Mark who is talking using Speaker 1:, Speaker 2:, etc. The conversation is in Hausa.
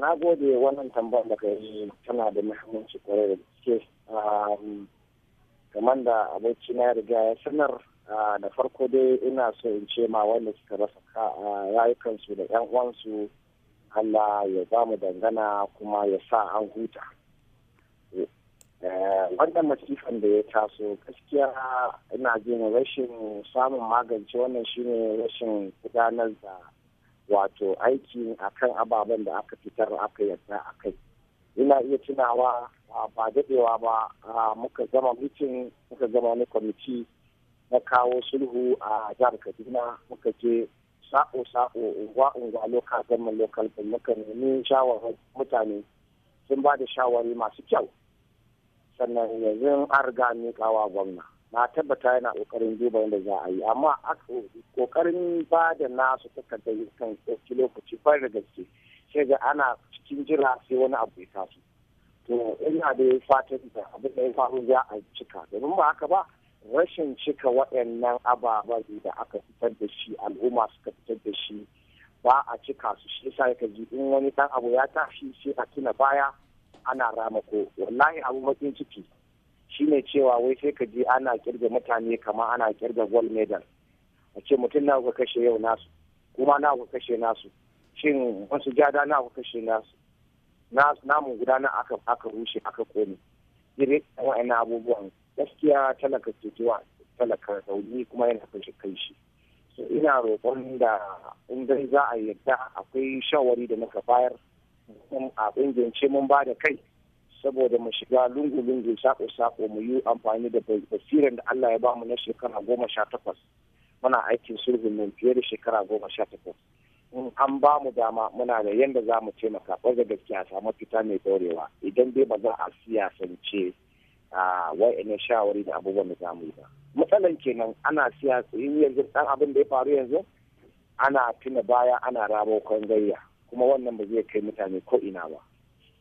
Speaker 1: na gode wannan tambayar da yi tana da muhimmanci kwarai da gaske kamar da abinci na riga ya sanar da farko dai ina so in ce ma wanda suka rasa rayukansu da yan uwansu Allah ya ba mu dangana kuma ya sa an huta eh, wannan masifan da ya taso gaskiya ina jin rashin samun magance wannan shine rashin gudanar da wato aiki akan ababen da aka fitar aka yadda a kai ina iya tunawa ba daɗewa ba muka zama mutum muka zama na kwamiti na kawo sulhu a jihar kaduna muka je sa'o-sa'o unguwa-unguwa local zama local muka nemi shawarar mutane sun ba da shawari masu kyau sannan yanzu an riga miƙawa gwamna na tabbata yana kokarin duba yadda za a yi amma kokarin ba da nasu takardar kan ɗauki lokaci fara da gaske sai ga ana cikin jira sai wani abu ya taso
Speaker 2: to ina
Speaker 1: da fatan da abin da ya faru za a cika domin ba haka ba rashin cika waɗannan ababen da aka fitar da shi al'umma suka fitar da shi ba a cika su shi yasa ka ji in wani ɗan abu ya tashi sai a tuna baya ana ramako wallahi abu mafi ciki shine cewa wai sai ka je ana kirga mutane kama ana kirga gold medal a ce mutum na ku kashe yau nasu kuma na ku kashe nasu shin wasu jada na ku kashe nasu namun guda aka rushe aka kone dire wa'ina abubuwan gaskiya talaka ke zuwa talaka rauni kuma yana kashe kai shi so ina roƙon da in dai za a yadda akwai shawari da muka bayar a ƙungiyance mun ba da kai saboda mu shiga lungu-lungu sako-sako mu yi amfani da basirin da Allah ya bamu na shekara goma sha takwas muna aikin sulhu nan fiye da shekara goma sha takwas an ba mu dama muna da yadda za mu taimaka ɓarga gaskiya samu fita mai dorewa idan dai ba za a siyasance a ne shawari da abubuwan da za mu yi ba matsalan kenan ana siyasa yin yanzu dan abin da ya faru yanzu ana tuna baya ana rabo kan gayya kuma wannan ba zai kai mutane ko ina ba